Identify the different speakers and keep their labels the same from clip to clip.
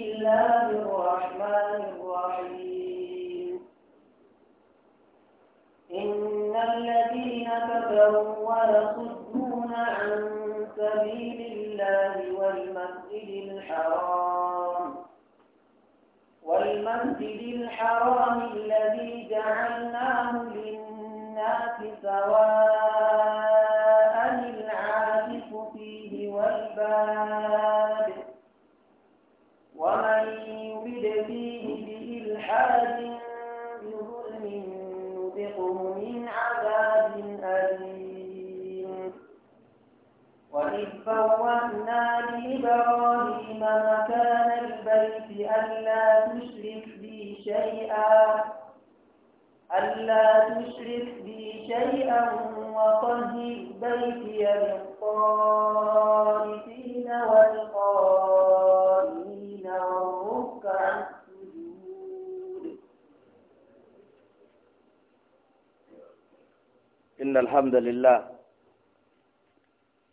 Speaker 1: الله الرحمن الرحيم إن الذين كفروا ويصدون عن سبيل الله والمسجد الحرام والمسجد الحرام الذي جعلناه للناس سواء فوأنا لإبراهيم مكان البيت ألا تشرك بي شيئا ألا تشرك بي شيئا وطهر بيتي للطائفين والقائمين والركع السجود
Speaker 2: إن الحمد لله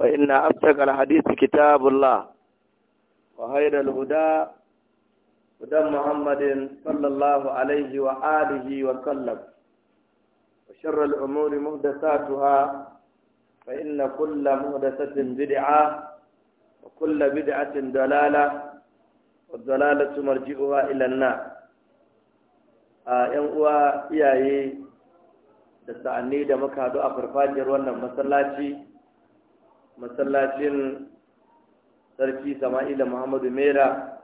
Speaker 2: فإن أصدق الحديث كتاب الله وخير الهدى هدى محمد صلى الله عليه وآله وسلم وشر الأمور محدثاتها فإن كل محدثة بدعة وكل بدعة ضلالة والضلالة مرجئها إلى النار ‘yan uwa iyaye da sa'anni da muka haɗu a farfajiyar wannan masallaci masallacin sarki sama'ila muhammadu mera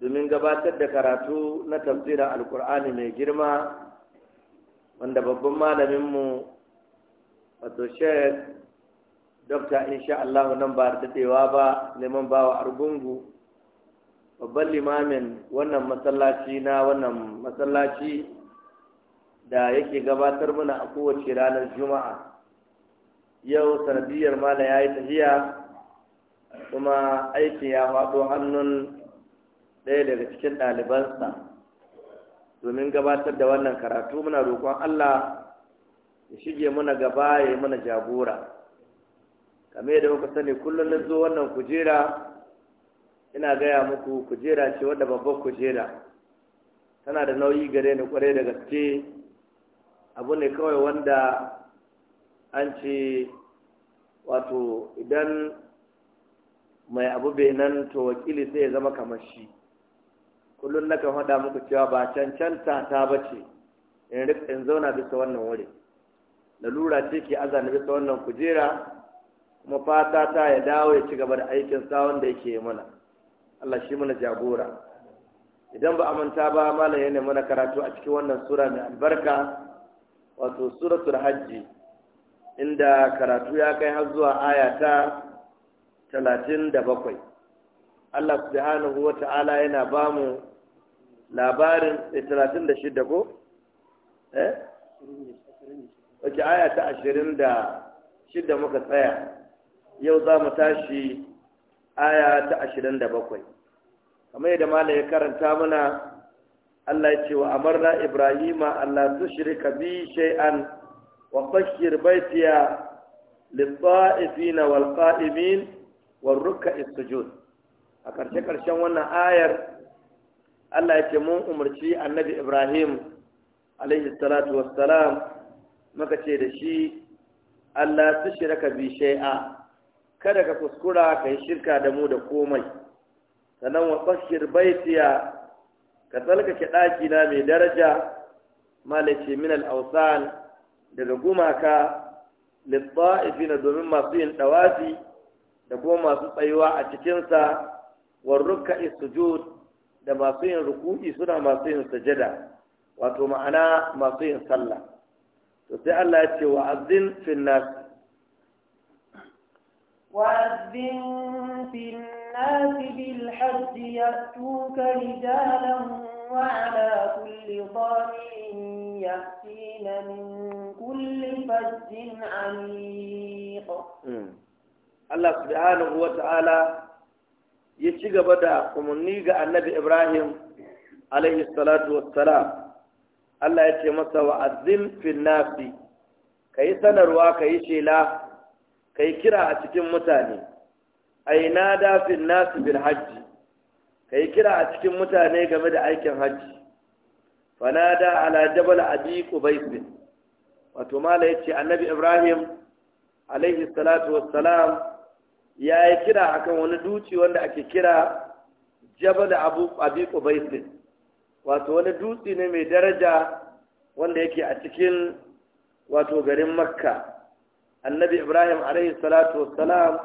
Speaker 2: domin gabatar da karatu na tafsirin alkur'ani mai girma wanda babban malaminmu wato shek dokta insha Allah nan ba da daɗewa ba neman bawa argungu babban limamin wannan masallaci na wannan masallaci da yake gabatar mana a kowace ranar juma'a yau sanadiyar mala ya yi tafiya kuma aikin ya faɗo hannun ɗaya daga cikin ɗalibansa domin gabatar da wannan karatu muna roƙon Allah ya shige muna gaba ya yi mana jagora kame da muka sani kullum na zo wannan kujera ina gaya muku kujera ce wadda babbar kujera tana da nauyi gare ni kwarai da gaske abu ne kawai wanda an ce wato idan mai abu bai nan to wakili sai ya zama kamar shi kullum na kan faɗa muku cewa ba cancanta ta ba ce in in zauna bisa wannan wuri lalura ce ke azana bisa wannan kujera kuma fata ta ya dawo ya ci gaba da aikin sawon da yake mana Allah shi mana jagora idan ba manta ba malam yana mana karatu a cikin wannan sura mai albarka wato suratul hajji inda karatu ya kai har zuwa aya ta 37 Allah subhanahu wa ta'ala yana ba mu labarin 36 ko? eh? wace aya ta 26 muka tsaya yau za mu tashi aya ta 27 kamar yadda mala ya karanta mana Allah ya ce wa amarna Ibrahima Allah su shirka bi shay'an وطهر بيتي للطائفين والقائمين والركع السجود a ƙarshe-ƙarshen wannan ayar Allah ya mun umarci annabi Ibrahim alaihi salatu wassalam maka ce da shi Allah su shirka bi shai'a kada ka kuskura ka yi shirka da mu da komai sannan wa tsakir baitiya ka tsalkake ɗakina mai daraja malace min al'ausan daga gumaka lissa'ifina domin masu yin ɗawafi da kuma masu tsayuwa a cikinsa warruka sujud da masu yin ruku'i suna masu yin sajada, wato ma'ana masu yin sallah to sai Allah ya ce wa azin fil nas
Speaker 1: wa azin fil nas bil hajj yatuka rijalan wa ala kulli min Allah عميق
Speaker 2: الله سبحانه وتعالى ya ci gaba da umarni ga annabi ibrahim alaihi salatu wa wassalam allah ya ce masa wa azim fil nafsi ka yi sanarwa ka yi shela ka yi kira a cikin mutane A aina da fil nasi bil hajji ka yi kira a cikin mutane game da aikin hajji fanada ala jabal abi qubaisin wato mala ya ce annabi ibrahim alaihi salatu wassalam ya yi kira akan wani duci wanda ake kira jabal abu abi qubaisin wato wani dutse ne mai daraja wanda yake a cikin wato garin makka annabi ibrahim alaihi salatu wassalam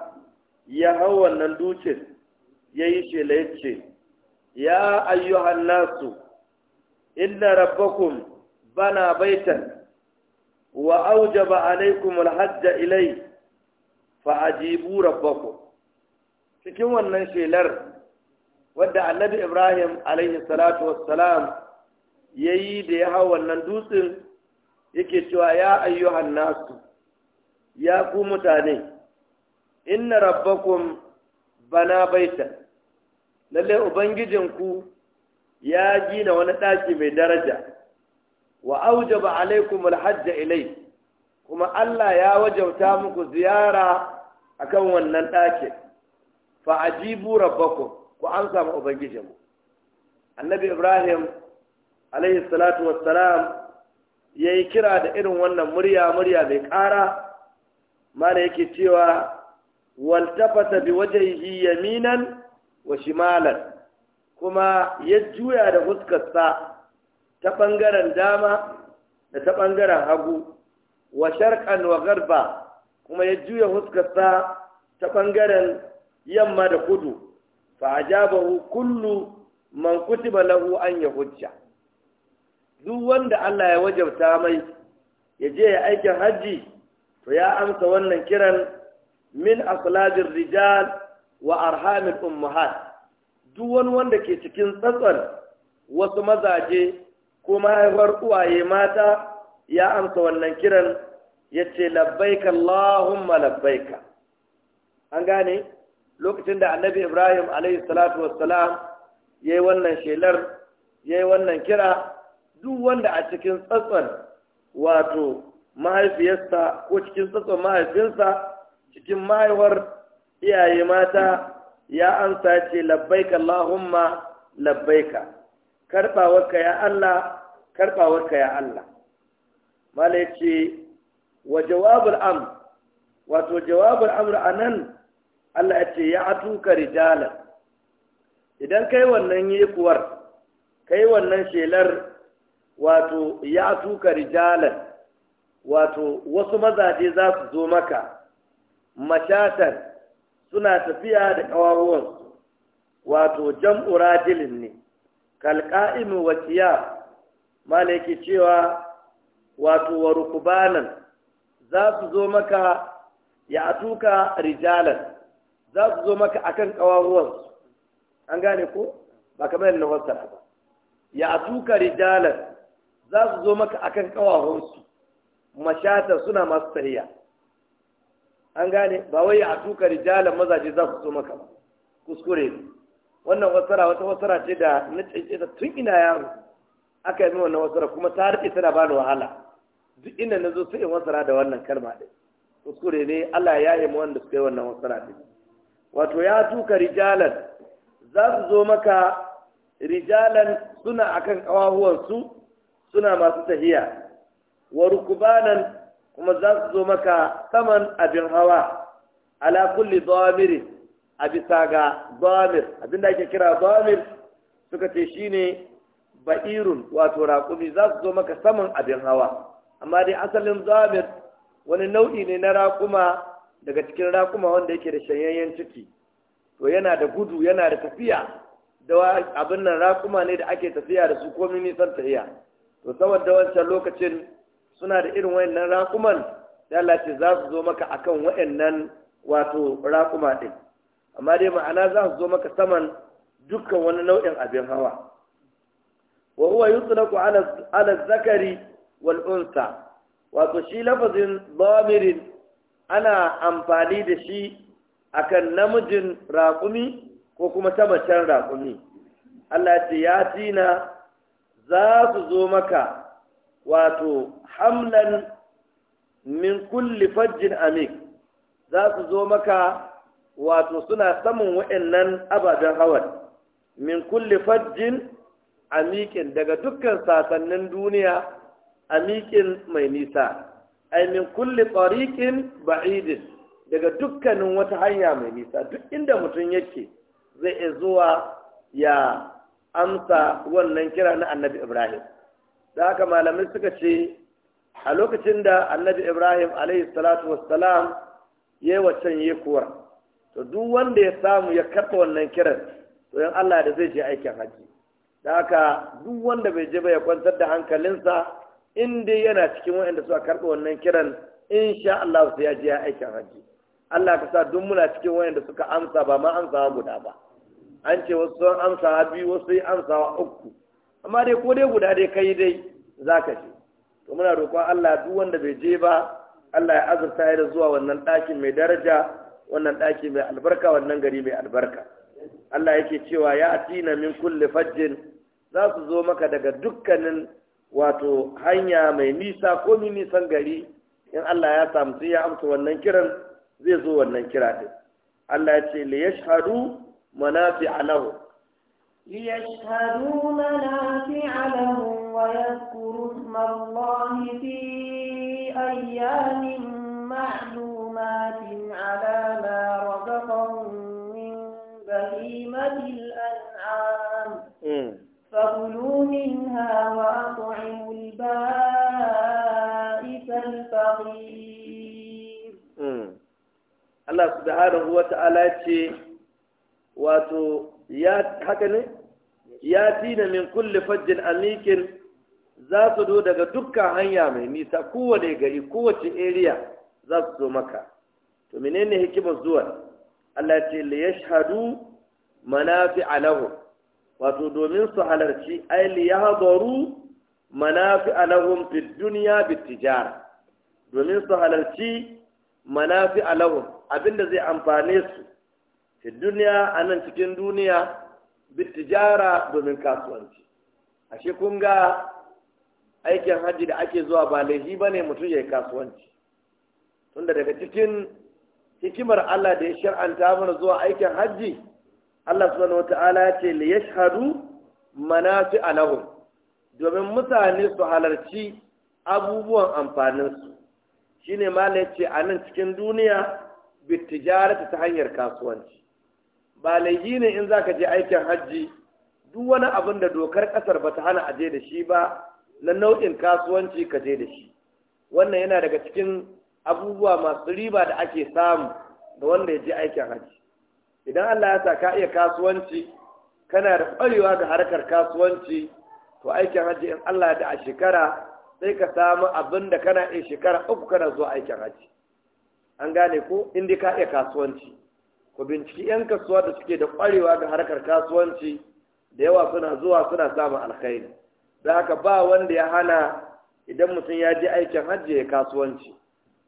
Speaker 2: ya hau wannan dutsen ya yi shela ya ce ya ayyuhan nasu inna rabbakum bana baitan wa aujaba alaikum alhajja ilai fa ajibu rabbakum cikin wannan shelar wadda annabi ibrahim alaihi salatu wassalam ya yi da ya hau wannan dutsen yake cewa ya ayyuhan nasu ya ku mutane inna rabbakum bana baita lalle ubangijinku ya gina wani ɗaki mai daraja wa aujaba alaikum alhajj ilai kuma Allah ya wajauta muku ziyara akan wannan ɗakin fa ajibu rabbakum ku an samu ubangijinmu annabi ibrahim alayhi salatu wassalam ya kira da irin wannan murya murya mai ƙara mana yake cewa waltafata bi yaminan wa shimalan kuma ya juya da fuskarsa ta ɓangaren dama da ta ɓangaren hagu wa sharqan wa garba kuma ya juya huskarsa ta ɓangaren yamma da kudu fa ajabahu kullu man kutiba lahu an yahujja duk wanda Allah ya wajabta mai ya je ya aikin hajji to ya amsa wannan kiran min aslabir rijal wa arhamil ummahat duk wanda ke cikin tsatsar wasu mazaje ko mahaifar uwaye mata ya amsa wannan kiran ya ce labbaika Allahumma labbaika an gane lokacin da annabi ibrahim Alayhi salatu wassalam ya yi wannan shelar ya yi wannan kira duk wanda a cikin tsatson wato mahaifiyarsa ko cikin tsatson mahaifinsa cikin mahaifar iyaye mata ya amsa ce labbaika Allahumma labbaika karɓawarka ya Allah karɓawarka ya Allah mala ya ce wa jawabar am wato jawabar amr a nan Allah ya ce ya atuka rijalan idan kai wannan kuwar kai wannan shelar wato ya atuka rijalan wato wasu mazaje za su zo maka mashatar suna tafiya da ƙawawan wato jam'ura jilin ne kalqa'imu wa qiyam mala cewa wato wa rukubanan za su zo maka ya atuka rijalan za su zo maka akan kawaruwansu an gane ko ba kamar yadda fassara ba ya atuka rijalan za su zo maka akan su. mashata suna masu tahiya an gane ba wai ya atuka rijalan mazaje za su zo maka ba kuskure ne wannan wasara wata wasara ce da na cece tun ina yaro aka yi min wannan wasara kuma ta rike tana ba ni wahala duk inda na zo sai in wasara da wannan kalma ɗin kuskure ne Allah ya yi wanda suka yi wannan wasara ɗin wato ya tuka rijalan za su zo maka rijalan suna akan ƙawahuwansu suna masu tahiya wa rukubanan kuma za su zo maka saman abin hawa ala kulli dawamiri a bisa ga zamir abinda ake kira zamir suka ce shine ba'irun wato raƙumi za su zo maka saman abin hawa amma dai asalin zamir wani nau'i ne na raƙuma daga cikin raƙuma wanda yake da shanyayyen ciki to yana da gudu yana da tafiya da abin nan raƙuma ne da ake tafiya da su komi nisan tafiya to saboda wancan lokacin suna da irin wayannan raƙuman da Allah ce za su zo maka akan wayannan wato raƙuma ɗin amma dai ma'ana za su zo maka saman dukkan wani nau'in abin hawa wa huwa yutlaqu ala ala zakari wal unsa wato shi lafazin dhamirin ana amfani da shi akan namijin raƙumi ko kuma ta macen raƙumi Allah ce ya tina za su zo maka wato hamlan min kulli fajjin amik za su zo maka wato suna samun wa'annan ababen hawan min kulli fajjin amikin daga dukkan sasannin duniya amikin mai nisa ai min kulli tsarikin ba'idin daga dukkanin wata hanya mai nisa duk inda mutum yake zai iya zuwa ya amsa wannan kira na annabi ibrahim da haka malamai suka ce a lokacin da annabi ibrahim alaihi salatu wassalam ya yi waccan yi kuwa to duk wanda ya samu ya karɓa wannan kiran to yan Allah da zai je aikin haji da haka duk wanda bai je ba ya kwantar da hankalinsa in dai yana cikin waɗanda suka karɓa wannan kiran insha Allah sai ya je aikin haji Allah ka sa duk muna cikin waɗanda suka amsa ba ma amsawa guda ba an ce wasu sun amsa biyu wasu sun amsawa uku amma dai ko dai guda dai kai dai zaka je to muna roƙon Allah duk wanda bai je ba Allah ya azurta ya da zuwa wannan ɗakin mai daraja wannan ɗaki mai albarka wannan gari mai albarka Allah yake cewa ya atina min kulli fajjin za su zo maka daga dukkanin wato hanya mai nisa ko nisan gari in Allah ya samu sai ya amsa wannan kiran zai zo wannan kira din Allah ya ce li yashhadu manafi'a lahu
Speaker 1: ليشهدوا منافع alahu ويذكروا اسم الله
Speaker 2: Allah subhanahu wa ta'ala ce wato ya haka ne ya tina min kulle fajjin amikin za su zo daga dukkan hanya mai nisa kowane gari kowace area za su zo maka to menene hikimar zuwa Allah ce li shahadu manafi alahu wato domin su halarci ya li yahdaru manafi alahu fi duniya bi tijara domin su halarci manafi alahun Abin da zai amfane su fi duniya a nan cikin duniya bitijara domin kasuwanci ashe kun ga aikin hajji da ake zuwa ba laifi ba ne mutum ya yi kasuwanci tunda daga cikin hikimar Allah da ya shar'anta mana zuwa aikin hajji Allah subhanahu wata'ala ya ce li yashhadu manafi alahum domin mutane su halarci abubuwan amfaninsu shine ma ne ce a nan cikin duniya bitijarata ta hanyar kasuwanci ba laifi ne in za ka je aikin hajji duk wani abin da dokar kasar ta hana a je da shi ba na nau'in kasuwanci ka je da shi wannan yana daga cikin abubuwa masu riba da ake samu da wanda ya je aikin hajji idan Allah ya sa ka iya kasuwanci kana da ƙwarewa ga harkar kasuwanci to aikin hajji in Allah da a shekara sai ka samu abin da kana iya shekara uku kana zuwa aikin hajji an gane ko inda ka iya kasuwanci ku binciki 'yan kasuwa da suke da kwarewa ga harkar kasuwanci da yawa suna zuwa suna samun alkhairi da haka ba wanda ya hana idan mutum ya je aikin hajji ya kasuwanci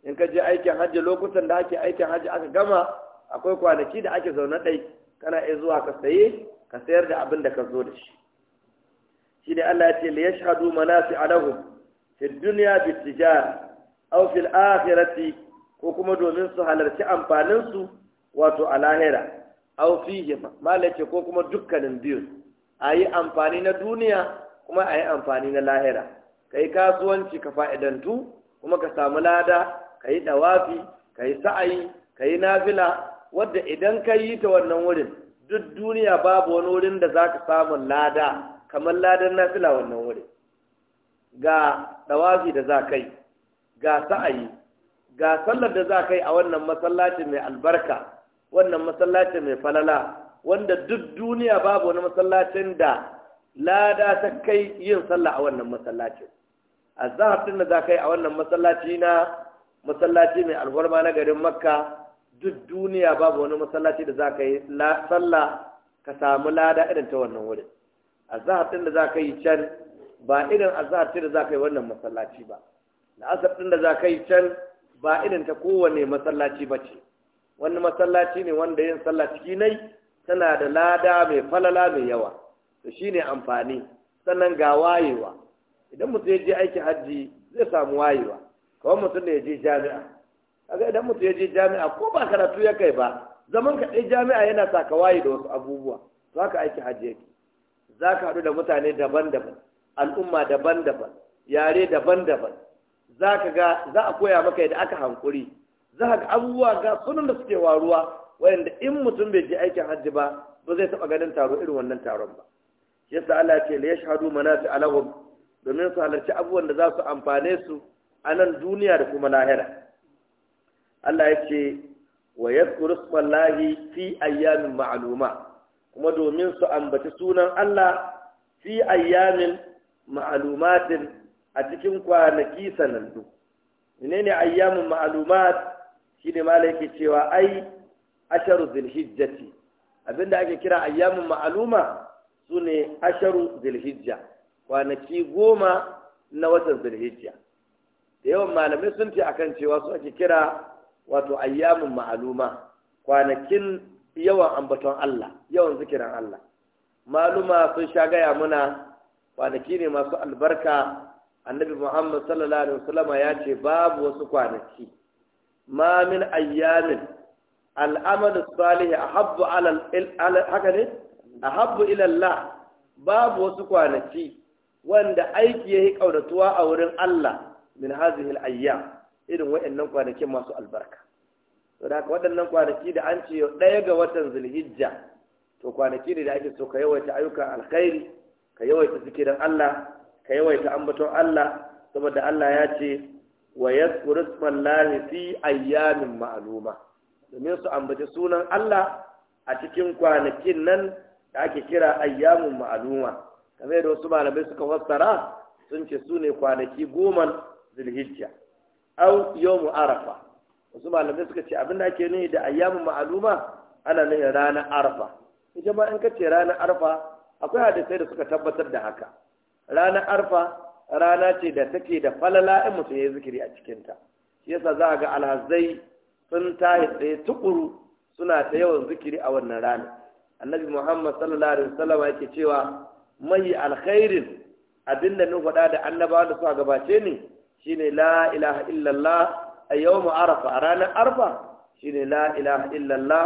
Speaker 2: in ka je aikin hajji lokutan da ake aikin hajji aka gama akwai kwanaki da ake zaune ɗai kana iya zuwa ka saye ka sayar da abin da ka zo da shi shi ne Allah ya ce la yashhadu manasi'a lahum fi dunya bi tijara aw fil akhirati ko kuma domin su halarci amfaninsu wato a lahira au fihi malace ko kuma dukkanin biyun a yi amfani na duniya kuma a yi amfani na lahira ka yi kasuwanci ka fa'idantu kuma ka samu lada ka yi ɗawafi ka yi sa'ayi ka yi nafila wadda idan ka yi ta wannan wurin duk duniya babu wani wurin da za ka samun lada kamar ladan nafila wannan wurin ga ɗawafi da za ka ga sa'ayi ga sallar da za kai a wannan masallacin mai albarka wannan masallacin mai falala wanda duk duniya babu wani masallacin da lada ta kai yin sallah a wannan masallacin azhar din da za kai a wannan masallaci na masallaci mai alwarma na garin makka duk duniya babu wani masallaci da za ka yi sallah ka samu lada irin ta wannan wurin azhar din da za ka yi can ba irin azhar ce da za ka yi wannan masallaci ba la'asar din da za ka yi can ba irin ta kowane masallaci ba ce wani masallaci ne wanda yin sallah ciki nai tana da lada mai falala mai yawa to ne amfani sannan ga wayewa idan mutum ya je aiki hajji zai samu wayewa kawai mutum ne ya je jami'a kaga idan mutum ya je jami'a ko ba karatu ya kai ba zaman ka jami'a yana sa ka waye da wasu abubuwa to haka aiki hajji yake za ka haɗu da mutane daban-daban al'umma daban-daban yare daban-daban za ka ga za a koya maka yadda aka hankuri za ka ga abubuwa ga sunan da suke waruwa wayanda in mutum bai je aikin hajji ba ba zai taɓa ganin taro irin wannan taron ba shi yasa Allah ce la yashhadu manasi alahum domin su halarci abubuwan da za su amfane su a nan duniya da kuma lahira Allah ya ce wa yadhkuru sallahi fi ayyamin ma'luma kuma domin su ambaci sunan Allah fi ayyamin ma'lumatin a cikin kwanaki sanannu menene ayyamun ma'lumat shine malai yake cewa ai asharu zulhijjati abinda ake kira ayyamun ma'luma sune asharu zulhijja kwanaki goma na watan zulhijja da yawan malamai sun ce akan cewa su ake kira wato ayyamun ma'luma kwanakin yawan ambaton Allah yawan zikiran Allah maluma sun sha gaya muna kwanaki ne masu albarka annabi muhammad sallallahu alaihi wasallama ya ce babu wasu kwanaki ma min ayyamin al'amalu salih ahabbu ala haka ne ahabbu ila Allah babu wasu kwanaki wanda aiki yayi kaunatuwa a wurin Allah min hazihi al-ayyam irin wayannan kwanakin masu albarka to da waɗannan kwanaki da an ce ɗaya ga watan zulhijja to kwanaki ne da ake so ka yawaita ayyukan alkhairi ka yawaita zikirin Allah ka yawaita ambaton Allah saboda Allah ya ce wa yadhkuru ismallahi fi ayyamin ma'luma domin su ambaci sunan Allah a cikin kwanakin nan da ake kira ayyamun ma'luma kamar da wasu malamai suka fassara sun ce su ne kwanaki goma zulhijja au yawmu arafa wasu malamai suka ce abin da ake nuni da ayyamin ma'aluma ana nuna ranar arfa ita ma in ka ce ranar arfa akwai hadisai da suka tabbatar da haka ranar arfa rana ce da take da falala in mutum ya zikiri a cikinta shi yasa za ga alhazai sun tahi tsaye tukuru suna ta yawan zikiri a wannan rana annabi muhammad sallallahu alaihi wasallam yake cewa mai alkhairin abinda na faɗa da annaba da suka gabace ni shine la ilaha illallah a yau arafa a ranar arfa shine la ilaha illallah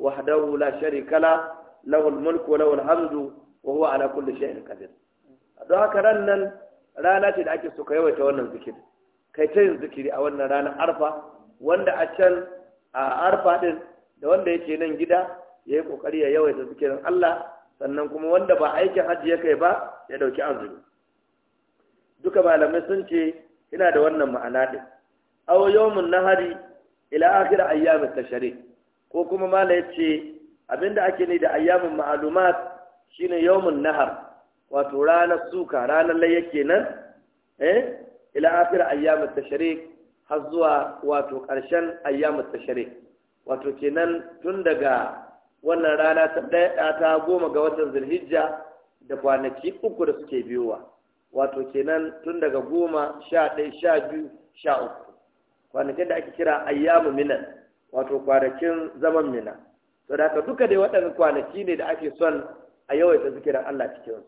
Speaker 2: wahdahu la sharika la lahu almulku wa lahu alhamdu wa huwa ala kulli shay'in qadir don haka ran nan rana ce da ake so ka yawaita wannan zikiri kai ta yin zikiri a wannan rana, arfa wanda a can a arfa din da wanda yake nan gida ya yi kokari ya yawaita zikirin Allah sannan kuma wanda ba aikin hajji ya kai ba ya dauki azumi duka malamai sun ce ina da wannan ma'ana din aw yawmun nahari ila akhir ayyamit shari ko kuma mala yace abinda ake ni da ayyamin ma'lumat shine yawmun nahar wato ranar suka ranar yake kenan eh ila akhir ayyamat tashrik har zuwa wato ƙarshen ayyamat tashrik wato kenan tun daga wannan rana ta ɗaya ta goma ga watan zulhijja da kwanaki uku da suke biyowa wato kenan tun daga goma sha ɗaya sha biyu sha uku kwanakin da ake kira ayyamu minan wato kwanakin zaman mina to da duka dai waɗannan kwanaki ne da ake son a yawaita zikirin Allah cikin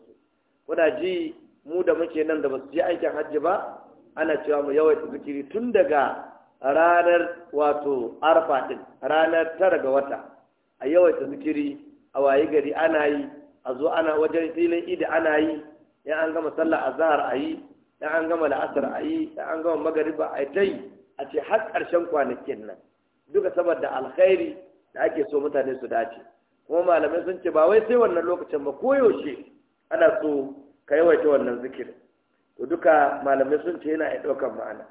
Speaker 2: kuna ji mu da muke nan da basu je aikin hajji ba ana cewa mu yawaita zikiri tun daga ranar wato arfa din ranar tara ga wata a yawaita zikiri a wayi gari ana yi a zo ana wajen filin idi ana yi ya an gama sallah azhar a yi ya an gama la'asar a yi ya an gama magariba a tai a ce har ƙarshen kwanakin nan duka saboda alkhairi da ake so mutane su dace kuma malamai sun ce ba wai sai wannan lokacin ba koyaushe ana so ka yawaita wannan zikir to duka malamai sun ce yana iya ɗaukar ma'ana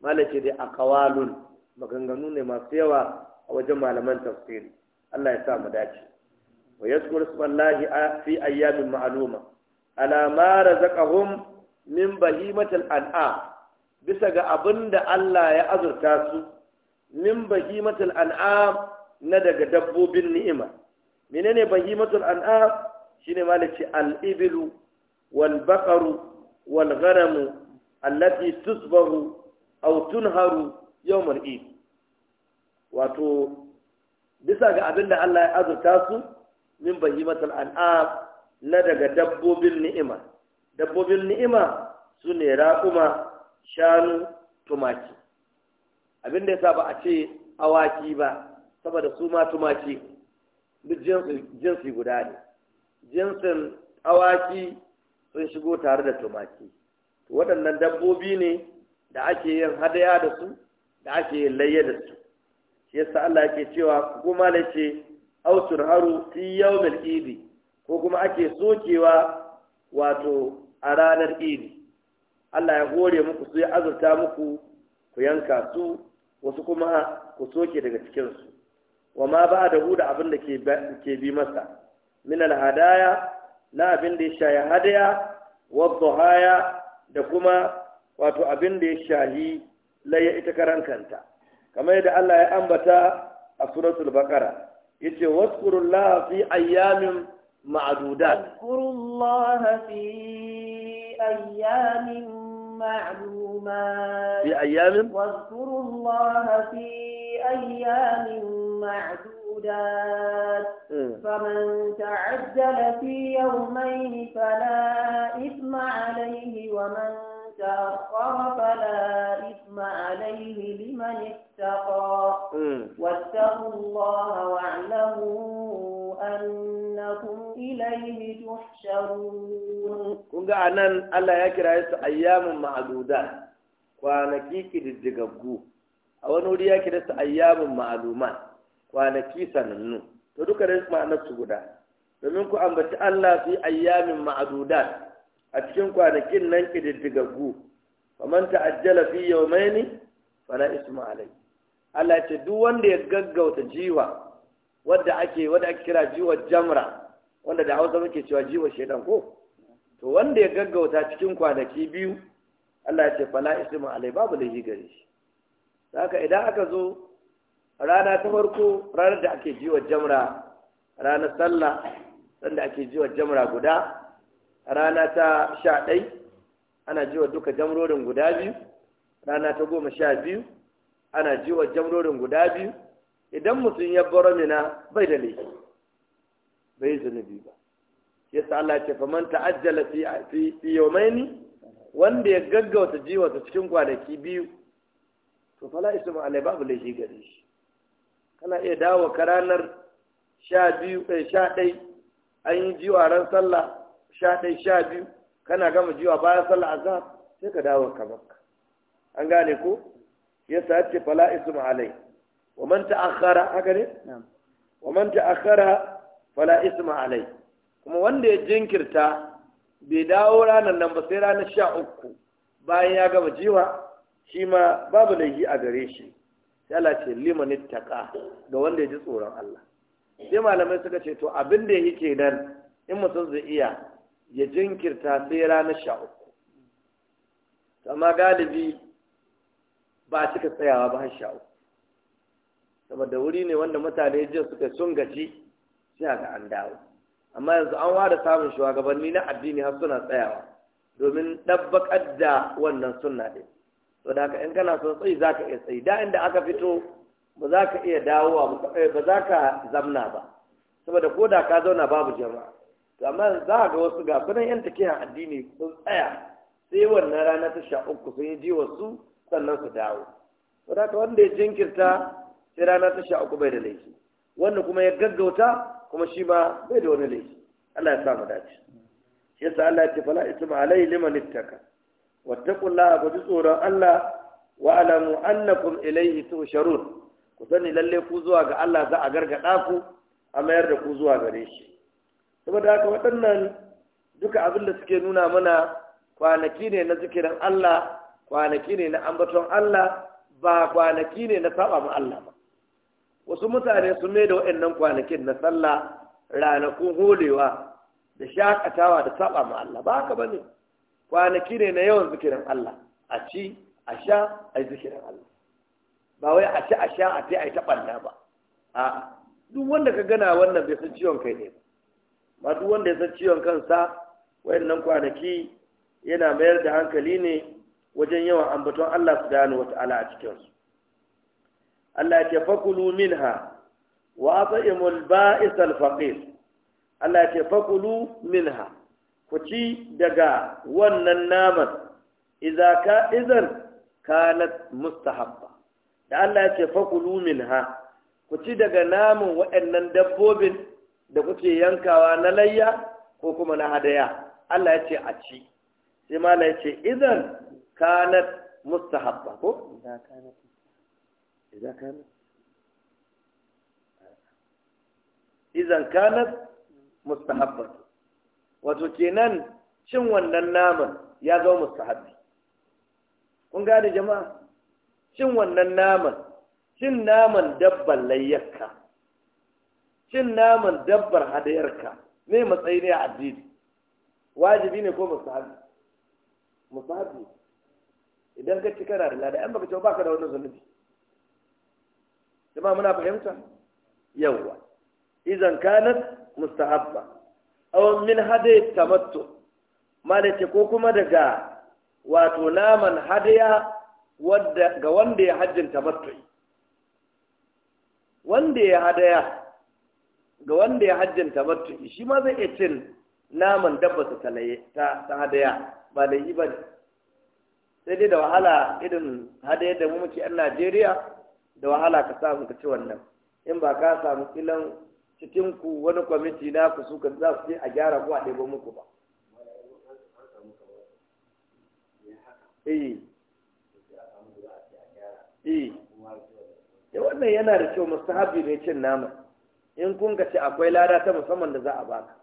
Speaker 2: malam ce dai a kawalun maganganu ne masu yawa a wajen malaman tafsiri Allah ya sa mu dace wa yazkur a fi ayyamin ma'luma ala ma razaqahum min bahimatil an'a bisa ga abin da Allah ya azurta su min bahimatil an'a na daga dabbobin ni'ima menene bahimatul an'a? shine malaci al-ibilu wal baqaru wal ghanamu allati tusbaru aw tunharu yawm eid wato bisa ga abin da Allah ya azurta su min bahimatul an'am na daga dabbobin ni'ima dabbobin ni'ima su ne raƙuma shanu tumaki abin da ya ba a ce awaki ba saboda su ma tumaki duk jinsi guda ne jinsin awaki sun shigo tare da tumaki waɗannan dabbobi ne da ake yin hadaya da su da ake yin layya da su shi yasa Allah yake cewa kuma da ce aw turharu fi yawmil idi ko kuma ake sokewa wato a ranar idi Allah ya hore muku su ya azurta muku ku yanka su wasu kuma ku soke daga cikin su wa ma ba da huda abin da ke bi masa Minan hadaya na abin da ya shayi hadaya wadda haya da kuma wato abin da ya shayi laye ita karan kanta kamar yadda Allah ya ambata a suratul baqara yace waskurullaha fi ayyamin ma'dudat
Speaker 1: waskurullaha fi ayyamin ma'lumat fi ayyamin waskurullaha fi أيام معدودات فمن تعجل في يومين فلا إثم عليه ومن تأخر فلا إثم عليه لمن اتقى واتقوا الله واعلموا أنكم إليه تحشرون كنت أنا الله
Speaker 2: يكره أيام معدودات kwanaki ƙididdigaggu a wani wuri ya kira su ayyamin ma'aluman kwanaki sanannu to duka da ma'anar su guda domin ku ambaci Allah fi ayyamin ma'adudat a cikin kwanakin nan kididdigaggu faman ta'ajjala fi yawmaini fala isma alai Allah ce duk wanda ya gaggauta jiwa wadda ake wanda ake kira jiwa jamra wanda da Hausa muke cewa jiwa shedan ko to wanda ya gaggauta cikin kwanaki biyu Allah ya ce fala isma alai babu laifi gare shi haka idan aka zo rana ta farko ranar da ake jiwa jamra ranar sallah sanda ake jiwa jamra guda rana ta sha ɗai ana jiwa duka jamrorin guda biyu rana ta goma sha biyu ana jiwa jamrorin guda biyu idan mutum ya baro mina bai da laifi bai zunubi ba yasa Allah ce fa man ta'ajjala fi fi yawmaini wanda ya gaggauta jiwa cikin kwanaki biyu to fala ismu alai babu laifi gare shi kana iya dawo ka ranar sha biyu eh, sha ɗai an yi jiwa ran sallah sha ɗai sha biyu kana gama jiwa bayan sallah azhar sai ka dawo ka makka an gane ko sa ce fala ismu alai wa man ta'akhkhara haka ne wa man ta'akhkhara fala isma alai kuma wanda ya jinkirta bai dawo ranar nan ba sai ranar sha uku bayan ya gama jiwa shi ma babu laifi a gare shi sai Allah ce limanit taqa ga wanda ya ji tsoron Allah sai malamai suka ce to abin da yake nan, in mutum zai iya ya jinkirta sai ranar sha uku amma galibi ba cika tsayawa ba har sha uku saboda wuri ne wanda mutane jiya suka sun gaji sai ga an dawo amma yanzu an ware samun shugabanni na addini har suna tsayawa domin ɗabbaƙar da wannan sunna ɗin to da ka in kana son tsayi za ka iya tsayi da inda aka fito ba za ka iya dawowa ba eh, za ka zamna ba saboda ko da ka zauna babu jama'a to amma za ga wasu ga kunan yan a addini sun tsaya sai wannan rana ta sha uku sun yi jiwa su sannan su dawo to ka wanda ya jinkirta sai rana ta sha uku bai da laifi wanda kuma ya gaggauta kuma shi ma bai da wani laifi Allah ya sa mu dace shi yasa Allah ya ce fala isma alai liman ittaka wattaqullaha ku ji tsoron Allah wa alamu annakum ilayhi tusharun ku sani lalle ku zuwa ga Allah za a gargada ku a mayar da ku zuwa gare shi saboda haka waɗannan duka abin da suke nuna mana kwanaki ne na zikirin Allah kwanaki ne na ambaton Allah ba kwanaki ne na saba ma Allah ba wasu mutane sun mai da waɗannan kwanakin na sallah ranakun holewa da shakatawa da saba ma Allah ba haka bane kwanaki ne na yawan zikirin Allah a ci a sha a yi zikirin Allah ba wai a ci a sha a ta a ta ba a duk wanda ka gana wannan bai san ciwon kai ne ba duk wanda ya san ciwon kansa wayannan kwanaki yana mayar da hankali ne wajen yawan ambaton Allah su wata ala a cikin Allah ya ce fakulu minha wa at'imul ba'is al faqir Allah ya ce fakulu minha ku ci daga wannan naman idza ka idan kanat mustahabba da Allah ya ce fakulu minha ku ci daga namun waɗannan dabbobin da kuke yankawa na layya ko kuma na hadaya Allah ya ce a ci sai mala ya ce idan kanat mustahabba ko idan kanat mustahabba wato kenan cin wannan naman ya zama haɗi kun gane jama'a cin wannan naman cin naman dabbar layyarka cin naman dabbar hadayarka ne matsayi ne a addini wajibi ne ko musu haɗi idan ka ci kana da lada 'yan baka ce ka da wani zunubi jama'a muna fahimta yawwa izan kanat mustahabba awon min hade tamattu ko kuma daga wato naman hadaya ga wanda ya hajjin tamattu wanda ya hadaya ga wanda ya hajjin tamattu shi ma zai iya cin naman dabba ta ta hadaya ba da sai dai da wahala irin hadayar da mu muke 'yan Najeriya da wahala ka samu ka ci wannan in ba ka samu kilan cikin ku wani kwamiti na ku suka za su je a gyara ku a ɗebo muku ba eh ya eh. eh, wannan yana da kyau mustahabi ne cin nama in kun ka ce akwai lada ta musamman da za a baka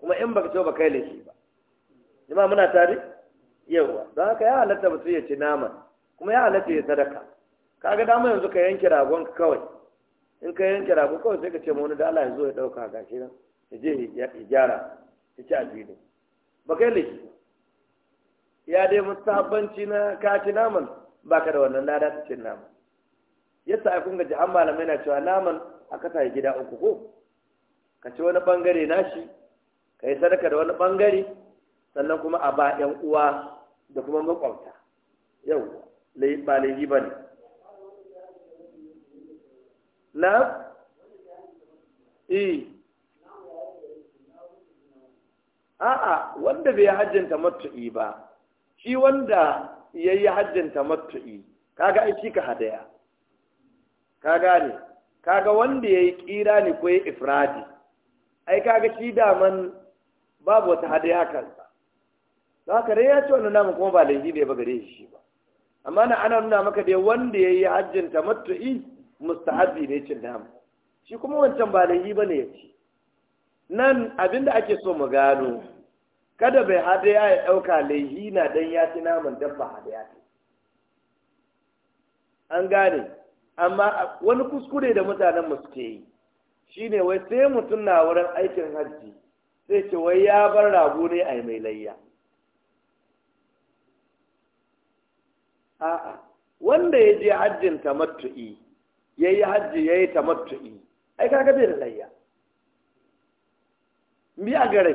Speaker 2: kuma in baka ce ba kai laifi ba jima muna tare yawa don haka ya halatta mutum ya ci nama kuma ya halatta ya sadaka kaga dama yanzu ka yanke ragon kawai in ka yanke rago kawai sai ka ce wani da Allah ya zo ya ɗauka ga shi nan ya je ya gyara ya ci addini ba kai laifi ya dai musabbanci na kati naman ba ka da wannan lada ta cin naman yasa a kunga jihar malamai na cewa naman a kasa gida uku ko ka ci wani bangare nashi ka yi sadaka da wani bangare sannan kuma a ba 'yan uwa da kuma makwabta yau ba laifi ba ne na e a'a wanda bai hajjin matu'i ba shi wanda ya yi hajjin matu'i. kaga ai shi ka hadaya ka gane kaga wanda ya yi kira ne ko ya ifradi ai kaga shi daman babu wata hadaya kansa za ka rai ya ce wani namun kuma ba laifi ne ba gare shi ba amma na ana nuna maka dai wanda ya yi hajjinta matu'i. Mustahabi ne cin nama shi kuma wancan ba laifi ba ne ya ci nan abin abinda ake so mu gano kada bai hadaya ya yi ɗauka laifi na dan ya ci naman dabba ya ci an gane amma wani kuskure da mutanenmu suke yi shine wai sai mutum na wurin aikin hajji sai ce wai ya bar rago ne a mai layya a'a wanda ya je hajjin tamattu'i yayi hajji yayi tamattu'i ai kaga bai da layya bi a gare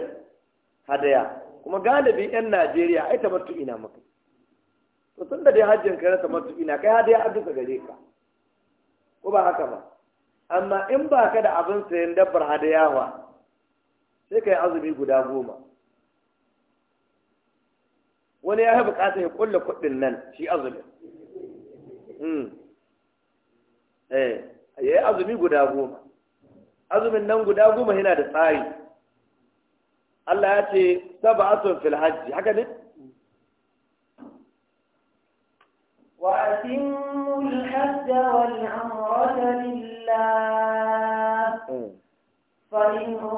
Speaker 2: hadaya kuma galibi yan Najeriya ai tamattu'i na maka to tun da dai hajjin kai na tamattu'i na kai hadaya an duka gare ka ko ba haka ba amma in ba ka da abin sayan dabbar wa sai ka yi azumi guda goma wani ya yi bukatar ya kulle kuɗin nan shi azumin hmm. Eh, ya azumi guda goma azumin nan guda goma yana da tsari Allah ya ce saba asun fil hajji haka ne?
Speaker 1: wa'atimu al-hajji wal'amurata lillah hmm. fa'inu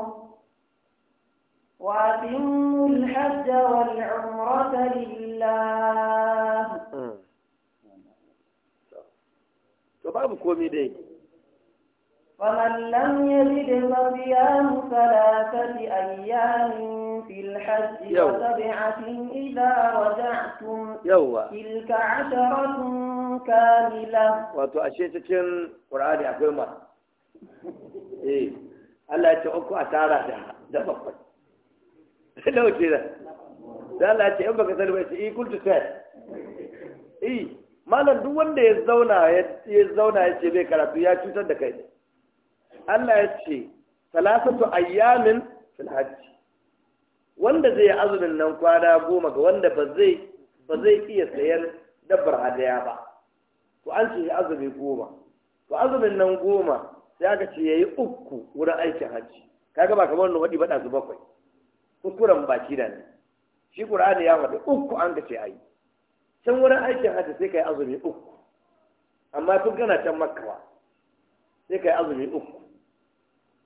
Speaker 1: wa'atimu al-hajji wal'amurata lillah
Speaker 2: to babu komai dai
Speaker 1: فمن لم يجد فصيام ثلاثة أيام في الحج وسبعة إذا رجعتم يوه. تلك عشرة كاملة
Speaker 2: واتو أشياء تكن قرآن أقول ما إيه الله يتعوكو أتارا ده ده فقط لو كده ده الله يتعوكو أتارا إيه كنت سات إيه malam duk wanda ya zauna ya zauna ya ce bai karatu ya cutar da kai Allah ya ce salasatu ayyamin fil hajj wanda zai azumin nan kwana goma ga wanda ba zai ba zai iya sayar dabbar hadaya ba to an ce azumi goma to azumin nan goma sai aka ce yayi uku wurin aikin hajji kaga ba kamar wani ba su bakwai kuskuren baki da ne shi ƙur'ani ya faɗi uku an ka ce ayi can wurin aikin hajji sai ka yi azumi uku amma tun kana can makawa sai ka yi azumi uku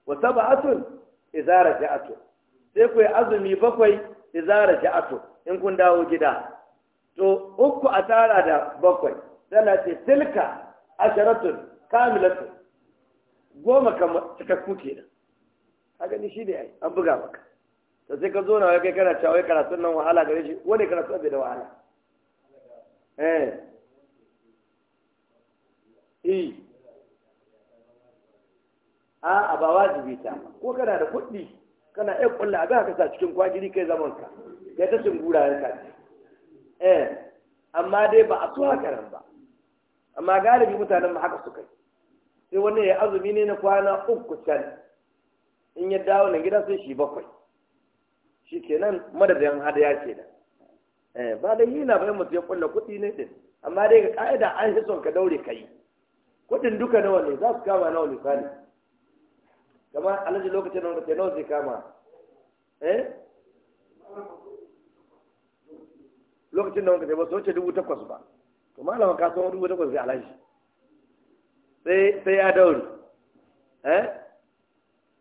Speaker 2: wa saba'atun idza atun, sai ku yi azumi bakwai idza atun, in kun dawo gida to uku a tara da bakwai tana ce tilka asharatun kamilatun goma kamar cikakku da, haka ni shi ne an buga maka to sai ka zo na kai kana cewa karatun nan wahala gare shi wani karatun bai da wahala E, eh a ba wajibi ta ko kana da kuɗi kana e kulla abin haka sa cikin kwagiri kai zaman ka ya ta shingura ya ka e amma dai ba a so haka nan ba amma galibi mutanen ma haka suka yi sai wani ya azumi ne na kwana uku can in ya dawo na gida sai shi bakwai shi kenan madadin hadaya kenan Eh, ba da hila bai mutu ya kulla kudi ne din amma dai ga ka'ida an fi son ka daure kai kudin duka nawa ne za su kama nawa misali kamar alaji lokacin da mutum nawa zai kama eh lokacin da mutum ba su wuce dubu takwas ba to malama ka san dubu takwas zai Alaji, sai sai ya daure eh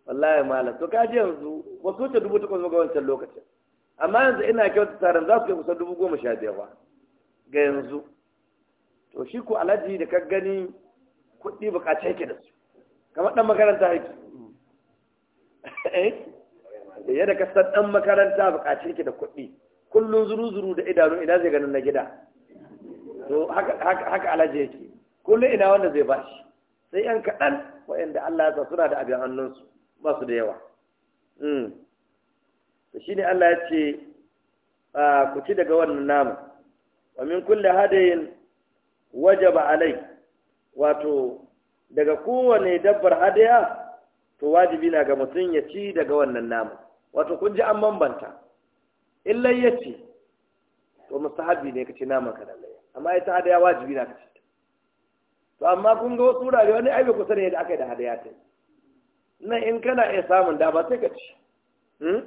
Speaker 2: wallahi malam to ka ji yanzu ba su wuce dubu takwas ba ga wancan lokacin amma yanzu ina kyauta taron za su yi kusan dubu goma sha biyar ba ga yanzu to shi ku alhaji da ka gani kuɗi bukace yake da su kamar ɗan makaranta yake eh? yadda ka san ɗan makaranta bukace yake da kuɗi kullum zuru-zuru da idanu ina zai ganin na gida to haka alhaji yake kullum ina wanda zai bashi sai yan kaɗan wa'anda Allah ya sa suna da abin hannunsu ba su da yawa hmm. shi ne Allah ya ce ku ci daga wannan nama wa min kulli hadayin wajaba alai wato daga kowane dabbar hadaya to wajibi na ga mutum ya ci daga wannan nama wato kun ji an bambanta illa ya ce to mustahabi ne ka ci naman ka da amma ita hadaya wajibi na ka ci to amma kun ga wasu wurare wani aibe kusa ne da aka yi da hadaya ta nan in kana iya samun dama sai ka ci hmm?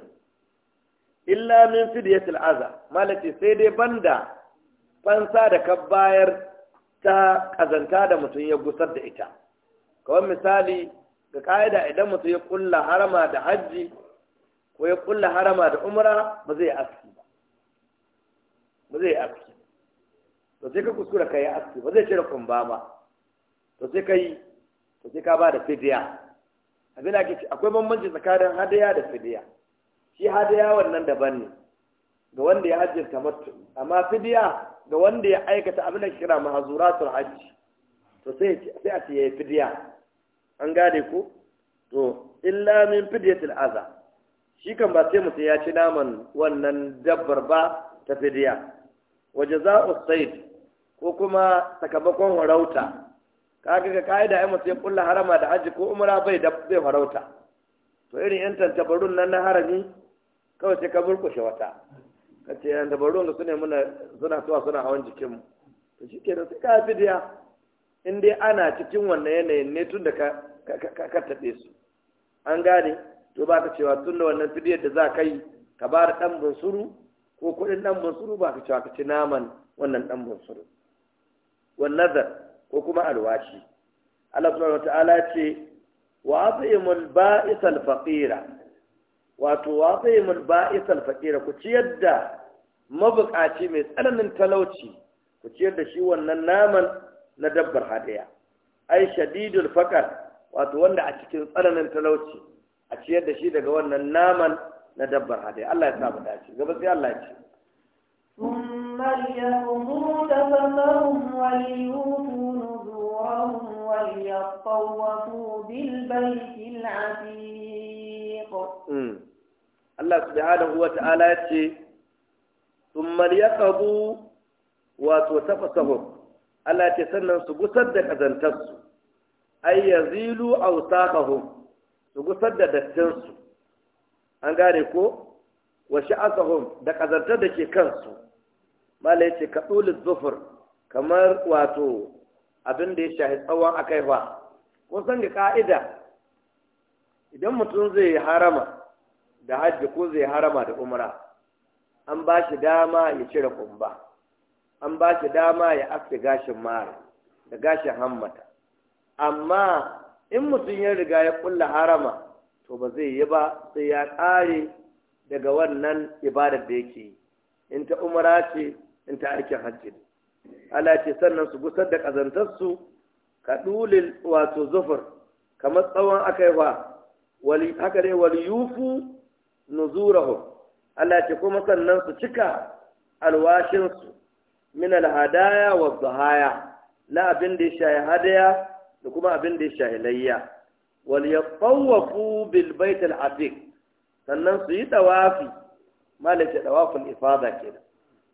Speaker 2: illa min fidyatil aza malaki sai dai banda fansa da ka bayar ta kazanta da mutum ya gusar da ita kawai misali ga ka'ida idan mutum ya kulla harama da hajji ko ya kulla harama da umra ba zai aski ba ba zai aski to sai ka kuskura ka yi aski ba zai cire kumba ba to sai ka yi to sai ka ba da fidiya abin da ake akwai bambanci tsakanin hadaya da fidiya shi hadaya wannan daban ne ga wanda ya hajji kamar amma fidiya ga wanda ya aikata abin da kira mahazuratul hajji to sai sai a ce yayi fidiya an gane ko to illa min fidiyatul aza shi kan ba sai mutum ya ci naman wannan dabbar ba ta fidiya wa jaza'u sayd ko kuma sakamakon warauta Ka ga kaida ai mutum ya kulla harama da hajji ko umra bai da bai farauta to irin yan tantabarun nan na harami kawai sai ka murkushe wata ka ce yan dabarun da suna muna suna suwa suna hawan jikinmu to shi ke da su ka diya in dai ana cikin wannan yanayin ne tun da ka taɓe su an gane to ba ka cewa tun da wannan fidiyar da za ka yi ka ba da ɗan bunsuru ko kuɗin ɗan bunsuru ba ka cewa ka ci naman wannan ɗan bunsuru wannan ko kuma alwashi Allah subhanahu wa ta'ala ce wa at'imul ba'isal faqira wato wa sai mun ba'isal fakira ku ciyar da mabukaci mai tsananin talauci ku ciyar da shi wannan naman na dabbar hadaya ai shadidul fakar wato wanda a cikin tsananin talauci a ciyar da shi daga wannan naman na dabbar hadaya Allah ya sa dace gaba sai Allah ya ce
Speaker 1: وليطوفوا بالبيت العتيق
Speaker 2: Allah subhanahu wa ta'ala ya ce ya ƙabu wato tafasahu Allah ce sannan su gusar da kazantarsu ay yazilu awsaqahum su gusar da dattinsu an gane ko wa sha'asahum da kazantar da ke kansu mala ya ce zufur kamar wato abin da ya shahi tsawon ba, kun san ga ƙa'ida idan mutum zai harama da hajji ko zai harama da umra an ba shi dama ya cire kumba an ba shi dama ya aske gashin mara da gashin hammata amma in mutum ya riga ya kulla harama to ba zai yi ba sai ya ƙare daga wannan ibadar da yake yi in ta umara ce in ta aikin hajji ne Allah ce sannan su gusar da ƙazantarsu ka dulil wato zufur kamar tsawon aka yi wa haka dai wal yufu nuzurahum Allah ce kuma sannan su cika alwashinsu min alhadaya wa zahaya na abin da ya shahi hadaya da kuma abin da ya shahi layya wal yatawafu bil bait al atiq sannan su yi tawafi malaka al ifada kenan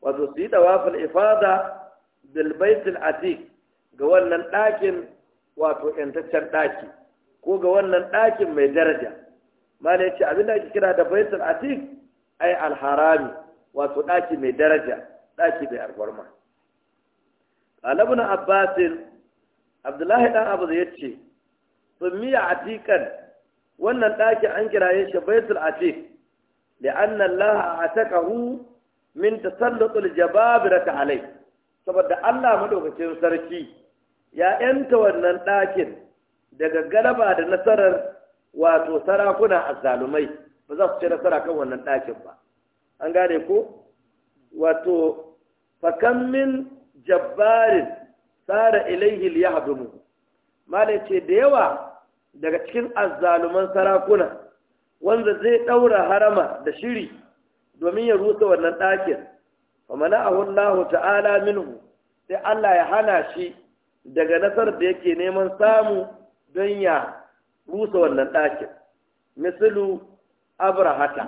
Speaker 2: wato su yi al ifada bil bait al atiq ga wannan ɗakin wato yantaccen ɗaki ko ga wannan ɗakin mai daraja mala yace abin da ake kira da baitul atiq ay alharami wato daki mai daraja daki mai alfarma qala abbas abdullahi dan abu yace sumiya atiqan wannan daki an kiraye shi baitul atiq li'anna allaha ataqahu min tasallutul jababirata alai saboda Allah madaukakin sarki ya yanta wannan dakin daga galaba da nasarar wato sarakuna azzalumai ba za su ci nasara kan wannan ɗakin ba an gane ko wato fakammin jabbarin tsara ilaihi ya haɗu ce da yawa daga cikin azzaluman sarakuna wanda zai ɗaura harama da shiri domin ya rusa wannan ɗakin famana ahullahu ta'ala minhu sai Allah ya hana shi daga nasar da yake neman samu don ya rusa wannan ɗakin misalu abrahata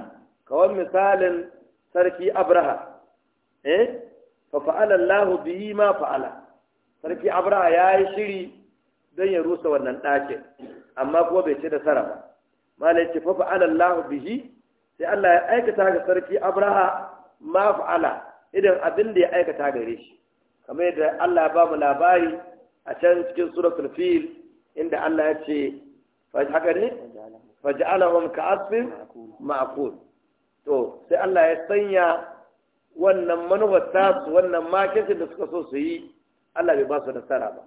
Speaker 2: kawai misalin sarki abraha eh fa'ala Allahu bihi ma fa'ala sarki abraha ya yi shiri don ya rusa wannan ɗakin amma kuma bai ci da sarrafa ba ce fa fa'ala Allahu bihi sai Allah ya aikata ga sarki abraha ma fa'ala idan abin da ya aikata gare shi kamar yadda Allah ya ba mu labari a can cikin suratul fil inda Allah ya ce haka ne faj'alahum ka'asfin ma'kul to sai Allah ya sanya wannan manufar tasu wannan makincin da suka so su yi Allah bai ba su nasara ba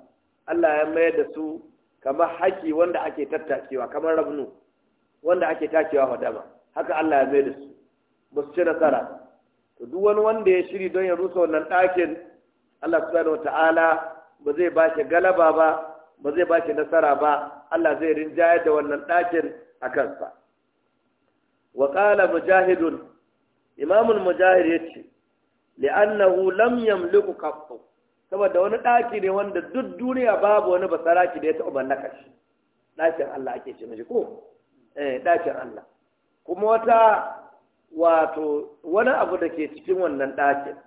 Speaker 2: Allah ya mayar da su kamar haki wanda ake tattakewa kamar rabnu wanda ake takewa hadama haka Allah ya mayar da su ba su ci nasara ba to duk wani wanda ya shiri don ya rusa wannan ɗakin Allah subhanahu wata'ala ba zai ba shi galaba ba ba zai ba ki nasara ba Allah zai rinjayar da wannan ɗakin a kansa wa qala mujahidun imamul mujahid yace li'annahu lam yamliku qattu saboda wani ɗaki ne wanda duk duniya babu wani basaraki da ya taɓa mallaka shi ɗakin Allah ake ce mishi ko eh ɗakin Allah kuma wata wato wani abu da ke cikin wannan ɗakin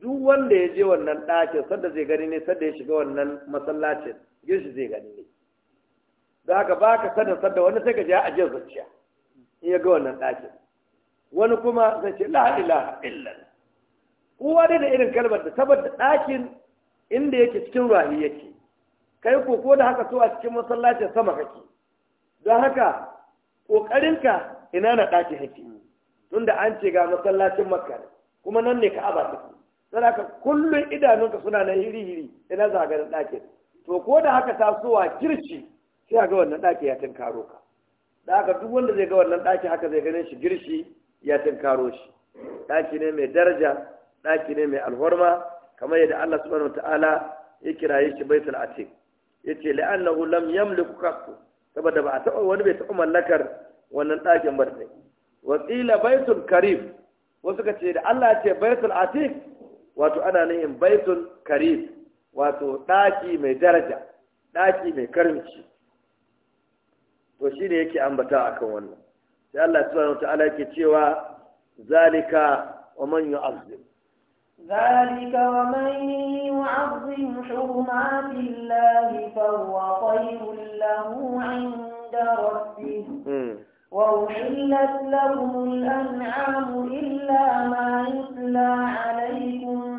Speaker 2: duk wanda ya je wannan ɗakin sadda zai gani ne sadda ya shiga wannan masallacin girshi zai gani ne da haka ba ka sanin sadda wani sai ka je a jiyar zuciya in ya ga wannan ɗakin wani kuma zai ce la ilaha illa kowa dai da irin kalmar da saboda ɗakin inda yake cikin rahi yake kai ko ko da haka so a cikin masallacin sama kake don haka ƙoƙarinka ina na ɗakin yake tunda an ce ga masallacin makka kuma nan ne ka ka'aba take sai ka kullun idanunka suna na hiri hiri ina zagarin ɗakin to ko da haka tasowa kirci sai ga wannan ɗaki ya karo ka da haka duk wanda zai ga wannan ɗaki haka zai ganin shi girshi ya karo shi ɗaki ne mai daraja ɗaki ne mai alhorma kamar yadda Allah subhanahu wataala ya kiraye shi baitul atiq yace la'annahu lam yamliku kasu saboda ba a taɓa wani bai taɓa mallakar wannan ɗakin ba ne wasila baitul karim wasu ka ce da Allah ce baitul atiq wato ana in baitul karim wato ɗaki mai daraja ɗaki mai karimci to shine yake ambata akan wannan sai Allah subhanahu wataala yake cewa zalika wa man yu'azzim
Speaker 1: man yu'azzim يعظم llahi fa huwa tayyibun lahu 'inda rabbih hmm. وأحلت لكم الأنعام إلا ما يتلى عليكم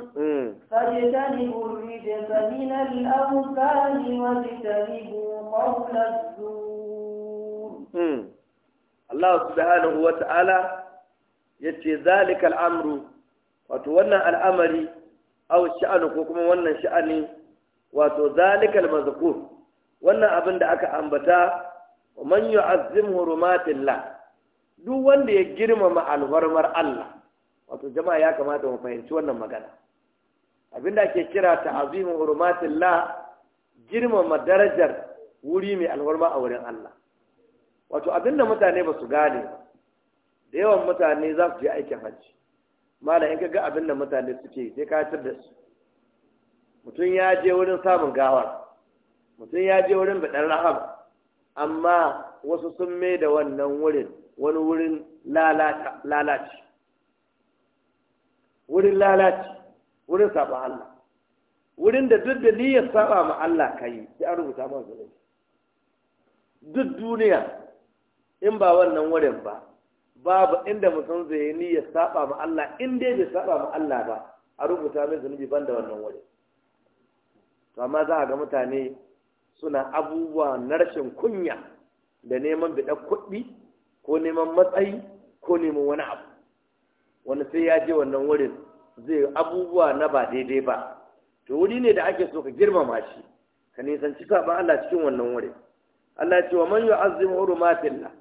Speaker 1: فاجتنبوا الرجس من الأوثان واجتنبوا قول الزور
Speaker 2: الله سبحانه وتعالى yace Zalika al'amru, wato wannan al'amari, aw sha'anu ko kuma wannan sha'ani, wato zalikal mazkur wannan abin da aka ambata wa man yu'azzim hurumatillah duk wanda ya girmama alwarmar Allah wato jama'a ya kamata mu fahimci wannan magana abinda ake kira ta'azimu hurumatillah girmama darajar wuri mai alwarma a wurin Allah wato abinda mutane ba su gane ba da yawan mutane za su je aikin hajji malam in ka ga abinda mutane suke sai ka tar da su mutum ya je wurin samun gawar mutum ya je wurin bidan rahama amma wasu sun mai da wannan wurin wani wurin lalaci wurin lalaci wurin saba Allah wurin da duk da niyyar saba ma Allah ka yi sai an rubuta ma zunubi duk duniya in ba wannan wurin ba babu inda mutum zai yi niyyar saba ma Allah in dai bai saba ma Allah ba a rubuta mai zunubi ban da wannan wurin to amma za a ga mutane suna abubuwa na rashin kunya da neman biɗar kuɗi ko neman matsayi ko neman wani abu wani sai ya je wannan wurin zai abubuwa na ba daidai ba to wuri ne da ake so ka girmama shi ka nisanci ba Allah cikin wannan wurin Allah ce wa man yu'azzimu hurumatillah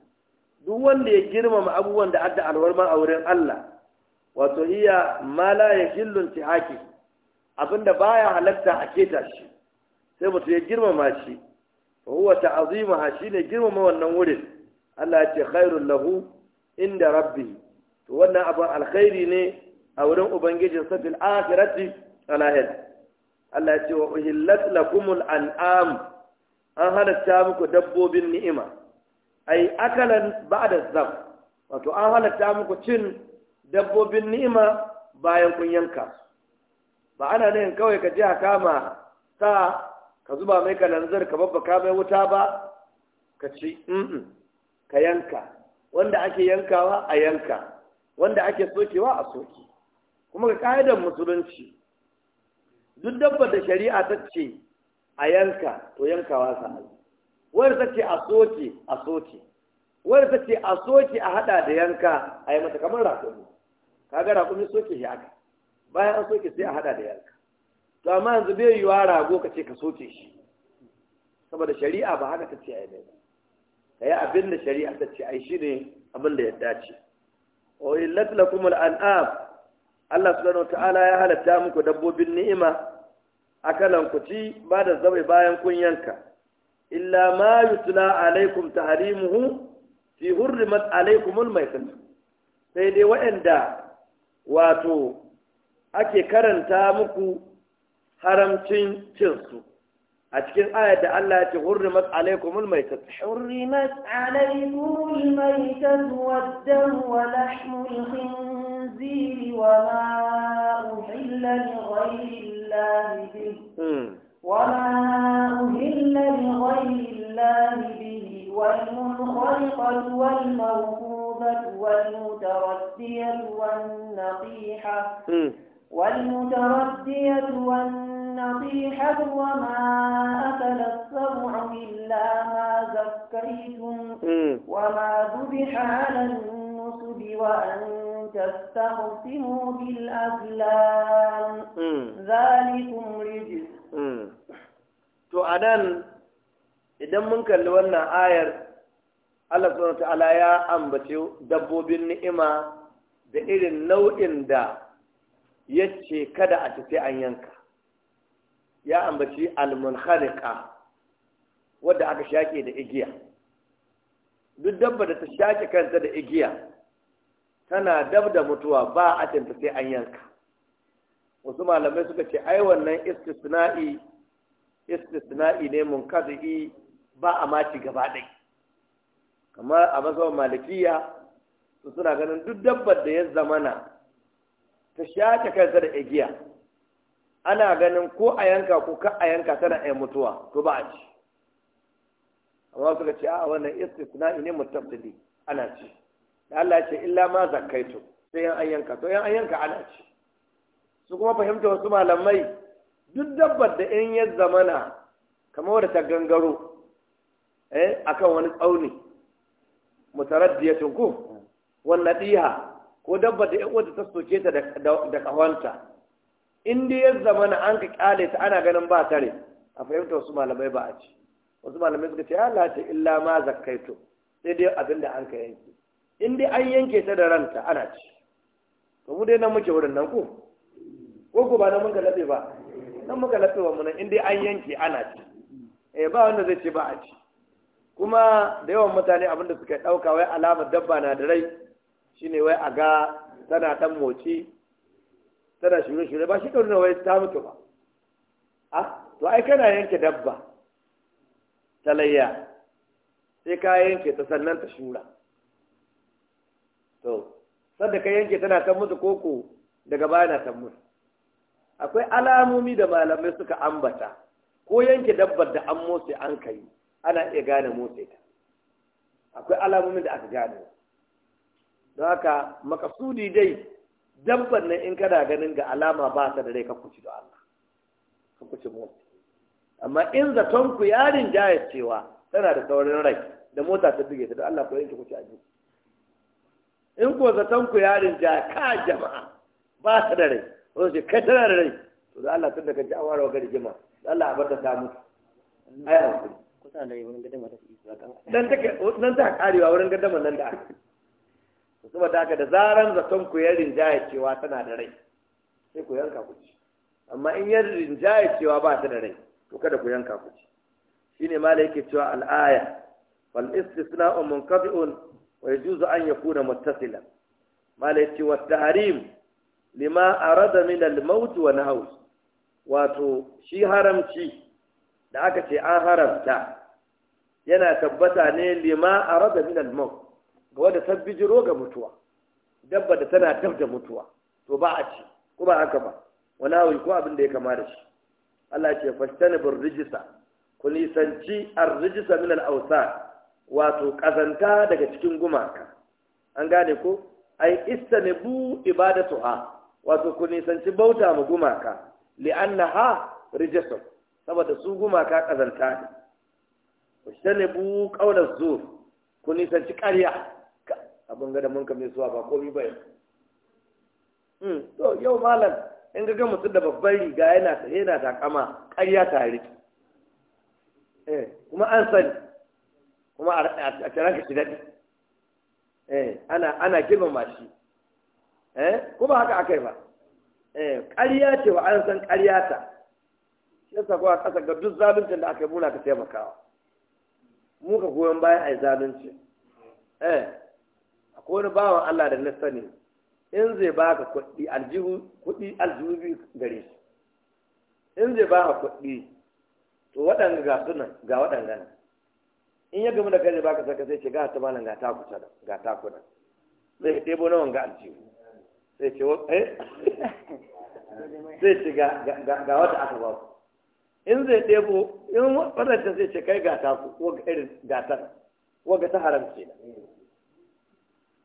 Speaker 2: duk wanda ya girmama abubuwan da adda alwarma a wurin Allah wato iya mala ya yahillu tihaki abinda baya halatta a keta shi sai mutum ya girmama shi wa huwa ta'zimaha shine girmama wannan wurin Allah ya ce khairul lahu inda rabbi to wannan abu alkhairi ne a wurin ubangijin sa fil akhirati alahid Allah ya ce wa uhillat lakumul an'am an halatta muku dabbobin ni'ima ai akalan ba'da zab wato an halatta muku cin dabbobin ni'ima bayan kun yanka ba ana nan kawai ka je a kama sa ka zuba mai lanzar ka babba ka mai wuta ba ka ci ka yanka wanda ake yankawa a yanka wanda ake sokewa a soke kuma ga ka'idar musulunci duk dabba da shari'a ta ce a yanka to yankawa sa'ai Wani ta ce a soke a soke Wani ta ce a soke a hada da yanka a yi mata kamar rakumi ga rakumi soke shi aka bayan an soke sai a hada da yanka to amma yanzu bai yiwa rago ka ce ka soke shi saboda shari'a ba haka ta ce a yi ka yi abin da shari'a ta ce ai shi ne abin da ya dace o illat kuma al'am Allah subhanahu ta'ala ya halatta muku dabbobin ni'ima akalan ku ci ba da zabai bayan kun yanka illa ma yutla alaikum tahrimuhu fi hurrimat alaikum al-maytan sai dai waɗanda wato ake karanta muku حرمتين تغسو أتكلم آية الله تغرمت عليكم الميتة
Speaker 1: حرمت عليكم الميتة والدم ولحم الخنزير وما أهل لغير الله به وما أهل لغير الله به والمنخلقة والموهوبة والمتردية والنقيحة والمتردية والنطيحة وما أكل السبع إلا ما زكيتم وما ذبح على النصب وأن تستقسموا بالأزلام ذلكم رجس
Speaker 2: to a nan idan mun kalli wannan ayar Allah subhanahu wa ta'ala ya ambace dabbobin ni'ima da irin nau'in da ya kada a ci sai an yanka ya ambaci almunharika wadda aka shaƙe da igiya duk dabba da ta shaƙe kanta da igiya tana dab da mutuwa ba a cinta sai an yanka wasu malamai suka ce ai wannan istisna'i istisna'i ne munkazi'i ba a maci gaba ɗai kamar a masawar malikiya su suna ganin duk dabbar da ya zamana ta shace kansa da igiya ana ganin ko a yanka ko ka a yanka tana ɗaya mutuwa to ba a ci amma suka ce a wannan istisna ne mutabdili ana ci da Allah ce illa ma zakaitu sai yan an yanka to yan an yanka ana ci su kuma fahimta wasu malamai duk dabbar da in ya zamana kamar wadda ta gangaro eh akan wani tsauni mutaraddiyatun ku wannan diha ko dabba da yan wata ta soke ta da kawanta in dai ya zama na an ka kyale ta ana ganin ba tare a fahimta wasu malamai ba a ci wasu malamai suka ce ya lati illa ma zakaito sai dai abin da an ka yanke in dai an yanke ta da ranta ana ci to mu dai nan muke wurin nan ko ko ko ba nan mun ka ba nan muka lafe wa mu nan in dai an yanke ana ci eh ba wanda zai ce ba a ci kuma da yawan mutane abinda suka dauka wai alamar dabba na da rai ne wai a ga tana ɗan moci tana shirye-shirye. ba shi ɗaurin wai ta mutu ba a ah, to ai kana yanke dabba ta layya sai ka yanke ta sannan ta shura to sadda ka yanke tana ta mutu koko daga baya na ta mutu akwai alamomi da malamai suka ambata ko yanke dabbar da an motsi an kai ana iya gane motsi ta akwai alamomin da aka gane don haka makasudi dai dabban nan in kada ganin ga alama ba ta da rai ka kuci da Allah ka kuci mu amma in zaton ku yarin jayar cewa tana da saurin rai da mota ta buge ta da Allah ku yanke kuci a jiki in ko zaton ku yarin jaya ka jama'a ba ta da rai wanda ce kai tana da rai to da Allah tun da ka ji awara wa jima, da Allah a bar ta samu
Speaker 1: ai hankali dan take
Speaker 2: nan ta karewa wurin gaddama nan da aka saboda haka da zaran zaton ku ya rinjaya cewa tana da rai sai ku yanka ku ci amma in ya rinjaya cewa ba ta da rai to kada ku yanka ku ci Shi ne ma da yake cewa al'aya wal un? munqati'un wa yajuzu an yakuna muttasilan mala yake wa tahrim lima arada min al maut wa nahw wato shi haramci da aka ce an haramta yana tabbata ne lima arada min al maut wadda ta bijiro ga mutuwa dabba da tana tafda da mutuwa to ba a ci ko ba haka ba wala wai ko abin da ya kama da shi Allah ce bir rijisa ku nisanci ar-rijisa min al wato kazanta daga cikin gumaka an gane ko ai istanibu ibadatuha wato ku nisanci bauta mu gumaka li'annaha rijisa saboda su gumaka kazanta ne bu qawla zur ku nisanci ƙarya abin gada mun kame suwa ba komi bai hmm. to yau malam in ga mutum da babban riga yana ta yana takama ƙarya tare eh, kuma an sani kuma a taron ka shi eh ana ana girmama shi eh, kuma haka aka yi ba eh, ƙarya ce wa an san ƙarya ta shi sa kuwa ƙasa ga duk zaluncin da aka yi muna ka taimakawa mu ka goyon bayan a yi zalunci eh ko wani bawan Allah da na sani in zai baka kuɗi aljihu kuɗi aljihu gare shi in zai baka kuɗi to waɗanda ga suna ga waɗanda ne in ya gama da kai zai baka saka sai ce ga ta malam ga ta kuta ga ta kuɗa zai ɗebo na wanga aljihu sai ce eh sai ce ga wata aka ba ku in zai ɗebo in waɗanda zai ce kai ga ta ku ko irin gatar waga ta haramce na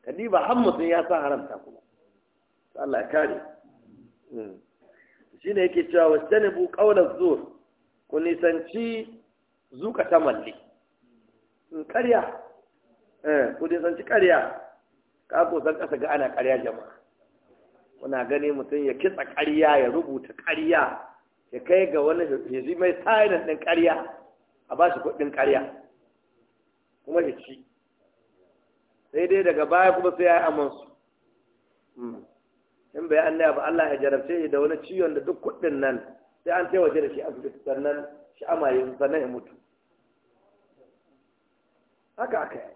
Speaker 2: kadiba har mutum ya sa haramta kuma Allah ya kare shine yake cewa wastanibu qawla zur ku nisanci zuka ta malli in karya eh ku nisanci karya ka ko san kasa ga ana karya jama'a kuna gani mutum ya kitsa karya ya rubuta karya ya kai ga wani ya ji mai tsayin din karya a ba shi kuɗin karya kuma ya ci sai dai daga baya kuma sai ya yi amansu hmm. in bai annaya ba Allah ya jarabce da wani ciwon da duk kuɗin nan sai an sai waje da shi asibiti sannan shi amaye sannan ya mutu haka aka yi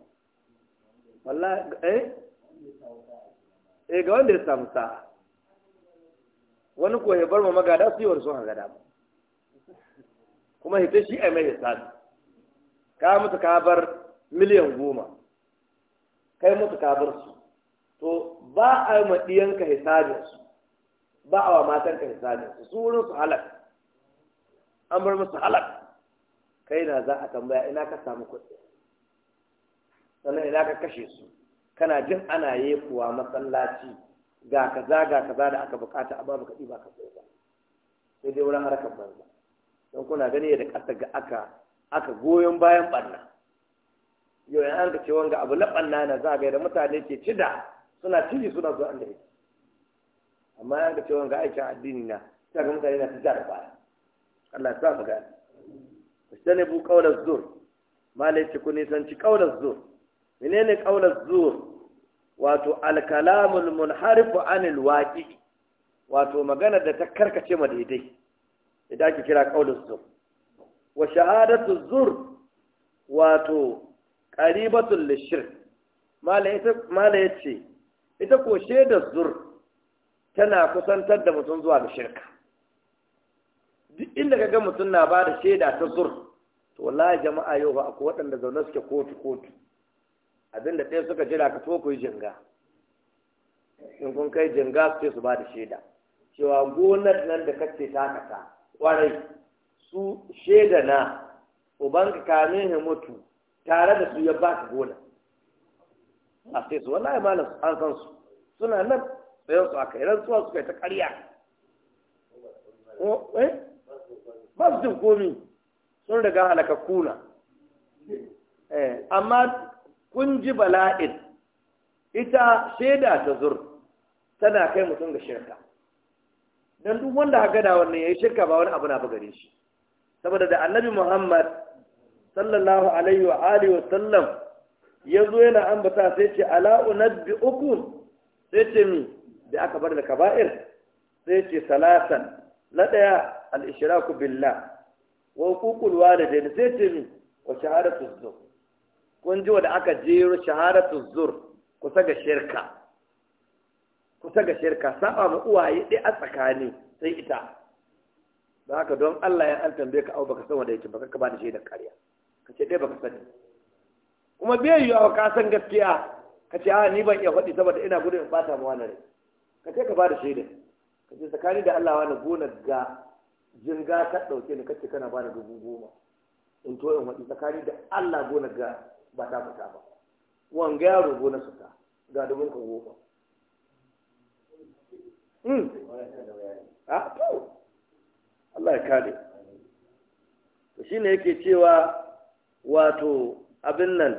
Speaker 2: wallahi eh eh ga wanda ya samu sa'a wani ko ya bar ma magada su yi wani suna hangada ba kuma hita shi a mai sa ka mutu ka bar miliyan goma kai mutu kabar su to ba a yi ma hisabin su ba a wa matanka hisabin su su wurin su halak an bar musu halak kai na za a tambaya ina ka samu kuɗi sannan ina ka kashe su kana jin ana yi kuwa masallaci ga kaza ga kaza da aka bukata amma baka ɗiba ka sai ba sai dai wurin harkar banza don kuna gani da ƙasa ga aka aka goyon bayan ɓarna yau yan an ce wanga abu laɓanna na za ga da mutane ke cida suna ciji suna zuwa da yake amma yan ka ce wanga aikin addini na sai ga mutane na ta da baya Allah ya sa mu gani istane bu qawla zur malai ce ku ci qawla zur menene qawla zur wato al-kalamul munharif anil waqi wato magana da ta karkace ma daidai idan ake kira qawla zur wa shahadatu zur wato qaribatul lishir mala ita mala yace ita ko shaidar zur tana kusantar da mutum zuwa ga shirka duk inda ka ga mutum na ba da shaida ta zur to wallahi jama'a yau ba akwai waɗanda zaune suke kotu kotu abinda ɗaya suka jira ka to ku yi jinga in kun kai jinga su ce su ba da shaida cewa gonar nan da kace ta kasa kwarai su shaida na ubanka kamin ya mutu tare da su ya ba su gona a sai su wallahi malam an san su suna nan sayan su aka yi suwa suka yi ta karya eh? ba su jin komi sun riga halaka kuna eh, amma kun ji bala'in ita shaida ta zur tana kai mutum ga shirka don duk wanda haka da wannan ya yi shirka ba wani abu na bugare shi saboda da annabi muhammad sallallahu alaihi wa alihi wa sallam ya yana ambata sai ce ala unabbi uku sai ce mi da aka bar da kaba'ir sai ce salasan na daya al-ishraku billah wa hukukul walidain sai ce mi wa shahadatu zur kun ji wanda aka jero shahadatu zur kusa ga shirka kusa ga shirka saba ma uwaye dai a tsakani sai ita da haka don Allah ya an tambaye ka au baka san wanda yake baka ka ba da shaidar ƙarya ka ce dai ka sani kuma bai yi ka san gaskiya ka ce a ah, ni ban iya faɗi saboda ina gudun in bata mawa na rai ka ce ka ba da shaida ka ce tsakani da Allah wani gona ga jirga ta ɗauke ni kace kana ba da dubu goma in to in faɗi tsakani da Allah gona ga ba ta fita ba wanga yaro gonar suka. ta ga dubun ka goma hmm. a Allah ya kare Shi ne yake cewa wato abin nan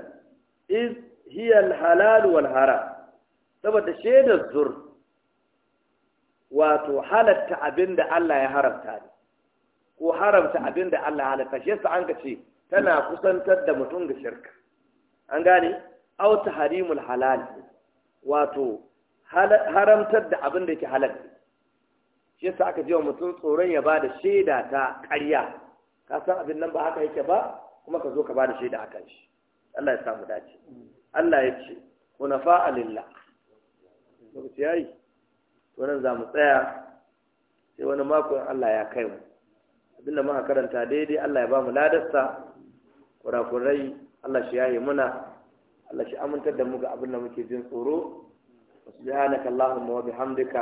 Speaker 2: is hiya halal wal haram saboda shaidar zur wato halatta abin da Allah ya haramta ne ko haramta abin da Allah ya halatta shi yasa an ka ce tana kusantar da mutum ga shirka an gane aw tahrimul halal wato haramtar da abin da yake halal shi yasa aka ji wa mutum tsoron ya bada shaida ta ƙarya ka san abin nan ba haka yake ba kuma ka zo ka ba da shaida kan shi Allah ya samu dace Allah ya ce hunafa lillah lokaci yayi to nan za mu tsaya sai wani mako Allah ya kai mu abinda muka karanta daidai Allah ya ba mu ladarsa kurakurai Allah shi yayi muna Allah shi amintar da mu ga abin da muke jin tsoro سبحانك اللهم وبحمدك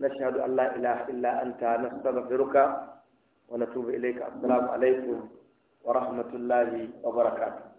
Speaker 2: نشهد ان an اله الا انت نستغفرك ونتوب اليك السلام عليكم wa rahmatullahi wa barakatuh